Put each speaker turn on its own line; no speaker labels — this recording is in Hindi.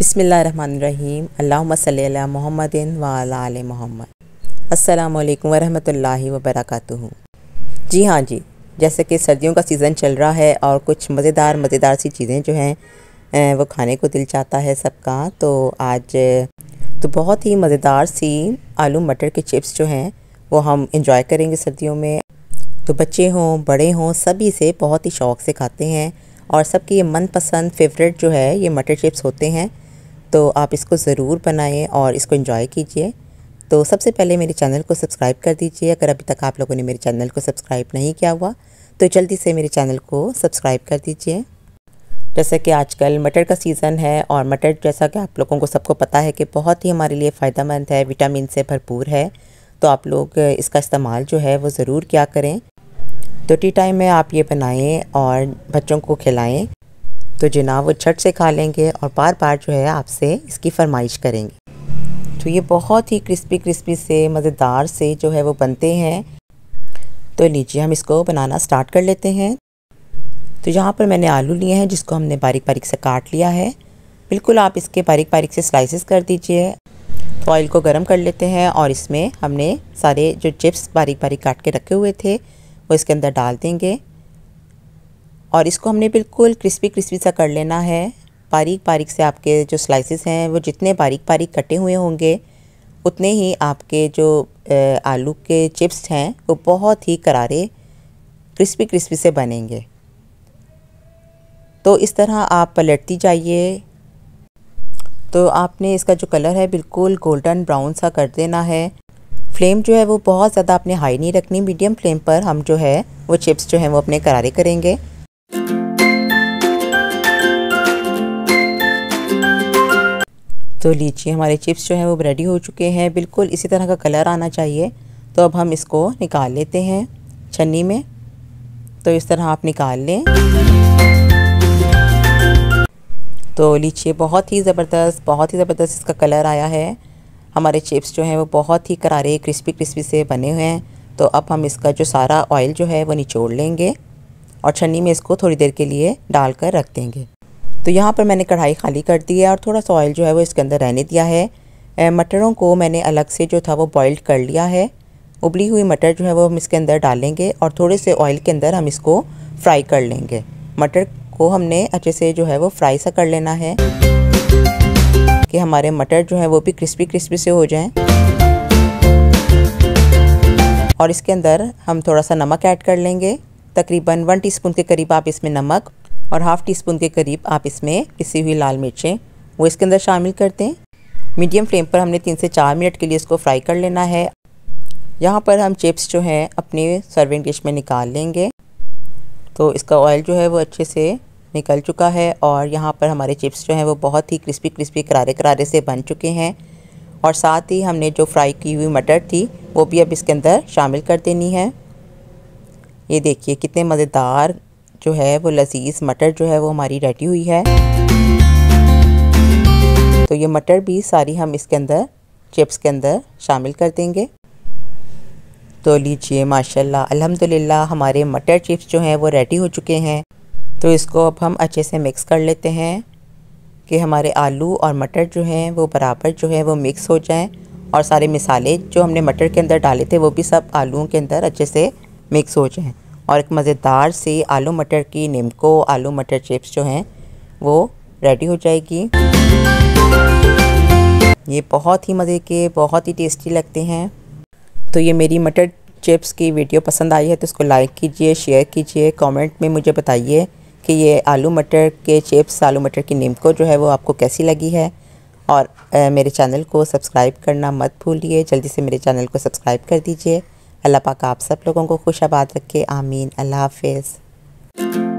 बसमीम अल्लाम सल मोहम्मद वाल मोहम्मद अल्लाम वालेकुम वरहमतुल्लाहि वबरकatuह जी हाँ जी जैसे कि सर्दियों का सीज़न चल रहा है और कुछ मज़ेदार मज़ेदार सी चीज़ें जो हैं वो खाने को दिल चाहता है सबका तो आज तो बहुत ही मज़ेदार सी आलू मटर के चिप्स जो हैं वो हम इंजॉय करेंगे सर्दियों में तो बच्चे हों बड़े हों सभी से बहुत ही शौक़ से खाते हैं और सबकी ये मनपसंद फेवरेट जो है ये मटर चिप्स होते हैं तो आप इसको ज़रूर बनाएं और इसको इन्जॉय कीजिए तो सबसे पहले मेरे चैनल को सब्सक्राइब कर दीजिए अगर अभी तक आप लोगों ने मेरे चैनल को सब्सक्राइब नहीं किया हुआ तो जल्दी से मेरे चैनल को सब्सक्राइब कर दीजिए जैसे कि आजकल मटर का सीज़न है और मटर जैसा कि आप लोगों को सबको पता है कि बहुत ही हमारे लिए फ़ायदेमंद है विटामिन से भरपूर है तो आप लोग इसका इस्तेमाल जो है वो ज़रूर क्या करें तो टी टाइम में आप ये बनाएं और बच्चों को खिलाएं तो जनाब वो छट से खा लेंगे और बार बार जो है आपसे इसकी फरमाइश करेंगे तो ये बहुत ही क्रिस्पी क्रिस्पी से मज़ेदार से जो है वो बनते हैं तो लीजिए हम इसको बनाना स्टार्ट कर लेते हैं तो यहाँ पर मैंने आलू लिए हैं जिसको हमने बारीक बारीक से काट लिया है बिल्कुल आप इसके बारीक बारीक से स्लाइसिस कर दीजिए तो ऑयल को गर्म कर लेते हैं और इसमें हमने सारे जो चिप्स बारीक बारीक काट के रखे हुए थे वो इसके अंदर डाल देंगे और इसको हमने बिल्कुल क्रिस्पी क्रिस्पी सा कर लेना है बारीक बारीक से आपके जो स्लाइसेस हैं वो जितने बारीक बारीक कटे हुए होंगे उतने ही आपके जो आलू के चिप्स हैं वो बहुत ही करारे क्रिस्पी क्रिस्पी से बनेंगे तो इस तरह आप पलटती जाइए तो आपने इसका जो कलर है बिल्कुल गोल्डन ब्राउन सा कर देना है फ्लेम जो है वो बहुत ज़्यादा आपने हाई नहीं रखनी मीडियम फ्लेम पर हम जो है वो चिप्स जो हैं वो अपने करारे करेंगे तो लीजिए हमारे चिप्स जो हैं वो रेडी हो चुके हैं बिल्कुल इसी तरह का कलर आना चाहिए तो अब हम इसको निकाल लेते हैं छन्नी में तो इस तरह आप निकाल लें तो लीजिए बहुत ही ज़बरदस्त बहुत ही ज़बरदस्त इसका कलर आया है हमारे चिप्स जो हैं वो बहुत ही करारे क्रिस्पी क्रिस्पी से बने हुए हैं तो अब हम इसका जो सारा ऑयल जो है वो निचोड़ लेंगे और छन्नी में इसको थोड़ी देर के लिए डाल कर रख देंगे तो यहाँ पर मैंने कढ़ाई खाली कर दी है और थोड़ा सा ऑयल जो है वो इसके अंदर रहने दिया है मटरों को मैंने अलग से जो था वो बॉयल कर लिया है उबली हुई मटर जो है वो हम इसके अंदर डालेंगे और थोड़े से ऑयल के अंदर हम इसको फ्राई कर लेंगे मटर को हमने अच्छे से जो है वो फ्राई सा कर लेना है कि हमारे मटर जो है वो भी क्रिस्पी क्रिस्पी से हो जाएं और इसके अंदर हम थोड़ा सा नमक ऐड कर लेंगे तकरीबन वन टीस्पून के करीब आप इसमें नमक और हाफ़ टी स्पून के करीब आप इसमें पिसी हुई लाल मिर्चें वो इसके अंदर शामिल कर दें मीडियम फ्लेम पर हमने तीन से चार मिनट के लिए इसको फ्राई कर लेना है यहाँ पर हम चिप्स जो हैं अपने सर्विंग डिश में निकाल लेंगे तो इसका ऑयल जो है वो अच्छे से निकल चुका है और यहाँ पर हमारे चिप्स जो हैं वो बहुत ही क्रिस्पी क्रिस्पी करारे करारे से बन चुके हैं और साथ ही हमने जो फ्राई की हुई मटर थी वो भी अब इसके अंदर शामिल कर देनी है ये देखिए कितने मज़ेदार जो है वो लजीज मटर जो है वो हमारी रेडी हुई है तो ये मटर भी सारी हम इसके अंदर चिप्स के अंदर शामिल कर देंगे तो लीजिए माशाल्लाह अल्हम्दुलिल्लाह हमारे मटर चिप्स जो हैं वो रेडी हो चुके हैं तो इसको अब हम अच्छे से मिक्स कर लेते हैं कि हमारे आलू और मटर जो हैं वो बराबर जो है वो मिक्स हो जाएं और सारे मिसाले जो हमने मटर के अंदर डाले थे वो भी सब आलूओं के अंदर अच्छे से मिक्स हो जाएं और एक मज़ेदार सी आलू मटर की नीमको आलू मटर चिप्स जो हैं वो रेडी हो जाएगी ये बहुत ही मज़े के बहुत ही टेस्टी लगते हैं तो ये मेरी मटर चिप्स की वीडियो पसंद आई है तो इसको लाइक कीजिए शेयर कीजिए कमेंट में मुझे बताइए कि ये आलू मटर के चिप्स आलू मटर की नीमको जो है वो आपको कैसी लगी है और ए, मेरे चैनल को सब्सक्राइब करना मत भूलिए जल्दी से मेरे चैनल को सब्सक्राइब कर दीजिए अल्लाह पाक आप सब लोगों को खुशाबाद रखे आमीन अल्लाह हाफिज़